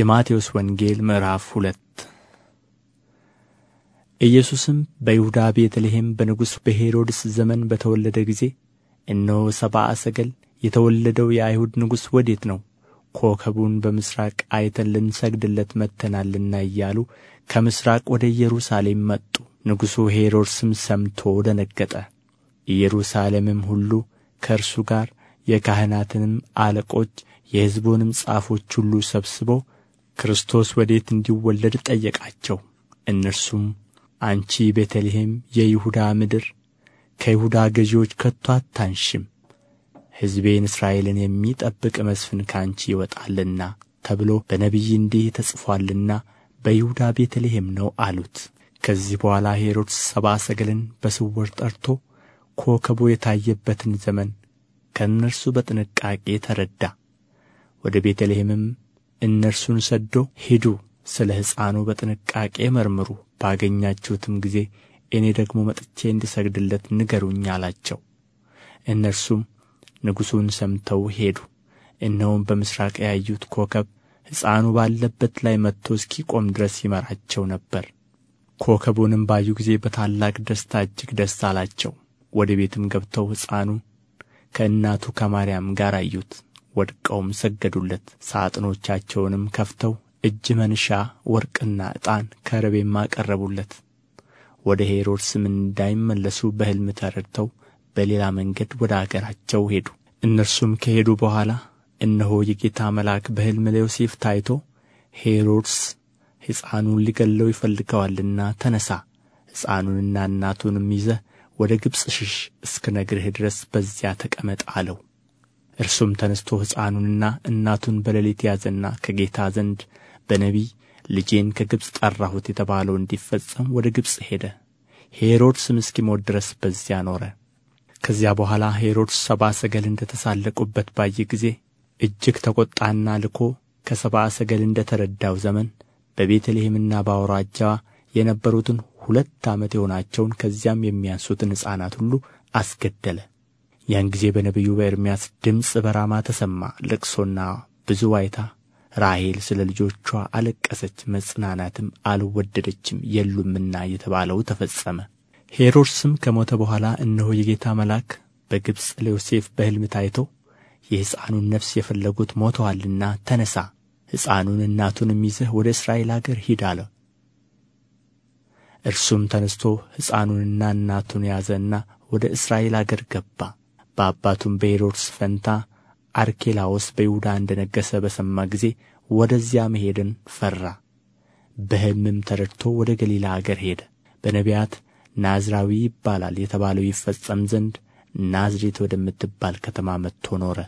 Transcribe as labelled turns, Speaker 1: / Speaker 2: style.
Speaker 1: የማቴዎስ ወንጌል ምዕራፍ ሁለት ኢየሱስም በይሁዳ ቤተልሔም በንጉሥ በሄሮድስ ዘመን በተወለደ ጊዜ እነሆ ሰብአ ሰገል የተወለደው የአይሁድ ንጉሥ ወዴት ነው? ኮከቡን በምሥራቅ አይተን ልንሰግድለት መጥተናልና እያሉ ከምሥራቅ ወደ ኢየሩሳሌም መጡ። ንጉሡ ሄሮድስም ሰምቶ ደነገጠ። ኢየሩሳሌምም ሁሉ ከእርሱ ጋር የካህናትንም አለቆች የሕዝቡንም ጻፎች ሁሉ ሰብስቦ ክርስቶስ ወዴት እንዲወለድ ጠየቃቸው። እነርሱም አንቺ ቤተልሔም የይሁዳ ምድር ከይሁዳ ገዢዎች ከቶ አታንሽም፣ ሕዝቤን እስራኤልን የሚጠብቅ መስፍን ከአንቺ ይወጣልና ተብሎ በነቢይ እንዲህ ተጽፏልና በይሁዳ ቤተልሔም ነው አሉት። ከዚህ በኋላ ሄሮድስ ሰብአ ሰገልን በስውር ጠርቶ ኮከቡ የታየበትን ዘመን ከእነርሱ በጥንቃቄ ተረዳ። ወደ ቤተልሔምም እነርሱን ሰዶ ሂዱ፣ ስለ ሕፃኑ በጥንቃቄ መርምሩ፣ ባገኛችሁትም ጊዜ እኔ ደግሞ መጥቼ እንድሰግድለት ንገሩኝ አላቸው። እነርሱም ንጉሡን ሰምተው ሄዱ። እነሆም በምሥራቅ ያዩት ኮከብ ሕፃኑ ባለበት ላይ መጥቶ እስኪቆም ድረስ ይመራቸው ነበር። ኮከቡንም ባዩ ጊዜ በታላቅ ደስታ እጅግ ደስ አላቸው። ወደ ቤትም ገብተው ሕፃኑ ከእናቱ ከማርያም ጋር አዩት። ወድቀውም ሰገዱለት። ሳጥኖቻቸውንም ከፍተው እጅ መንሻ ወርቅና ዕጣን ከርቤም አቀረቡለት። ወደ ሄሮድስም እንዳይመለሱ በሕልም ተረድተው በሌላ መንገድ ወደ አገራቸው ሄዱ። እነርሱም ከሄዱ በኋላ እነሆ የጌታ መልአክ በሕልም ለዮሴፍ ታይቶ ሄሮድስ ሕፃኑን ሊገለው ይፈልገዋልና ተነሣ፣ ሕፃኑንና እናቱንም ይዘህ ወደ ግብፅ ሽሽ፣ እስክነግርህ ድረስ በዚያ ተቀመጥ አለው። እርሱም ተነስቶ ሕፃኑንና እናቱን በሌሊት ያዘና ከጌታ ዘንድ በነቢይ ልጄን ከግብፅ ጠራሁት የተባለው እንዲፈጸም ወደ ግብፅ ሄደ። ሄሮድስም እስኪሞት ድረስ በዚያ ኖረ። ከዚያ በኋላ ሄሮድስ ሰብአ ሰገል እንደ ተሳለቁበት ባየ ጊዜ እጅግ ተቈጣና ልኮ ከሰብአ ሰገል እንደ ተረዳው ዘመን በቤተልሔምና በአውራጃዋ የነበሩትን ሁለት ዓመት የሆናቸውን ከዚያም የሚያንሱትን ሕፃናት ሁሉ አስገደለ። ያን ጊዜ በነቢዩ በኤርምያስ ድምፅ በራማ ተሰማ ልቅሶና ብዙ ዋይታ፣ ራሄል ስለ ልጆቿ አለቀሰች መጽናናትም አልወደደችም የሉምና የተባለው ተፈጸመ። ሄሮድስም ከሞተ በኋላ እነሆ የጌታ መልአክ በግብፅ ለዮሴፍ በሕልም ታይቶ የሕፃኑን ነፍስ የፈለጉት ሞተዋልና ተነሣ፣ ሕፃኑን እናቱንም ይዘህ ወደ እስራኤል አገር ሂድ አለ። እርሱም ተነሥቶ ሕፃኑንና እናቱን ያዘና ወደ እስራኤል አገር ገባ። በአባቱም በሄሮድስ ፈንታ አርኬላዎስ በይሁዳ እንደ ነገሠ በሰማ ጊዜ ወደዚያ መሄድን ፈራ። በሕልምም ተረድቶ ወደ ገሊላ አገር ሄደ። በነቢያት ናዝራዊ ይባላል የተባለው ይፈጸም ዘንድ ናዝሬት ወደምትባል ከተማ መጥቶ ኖረ።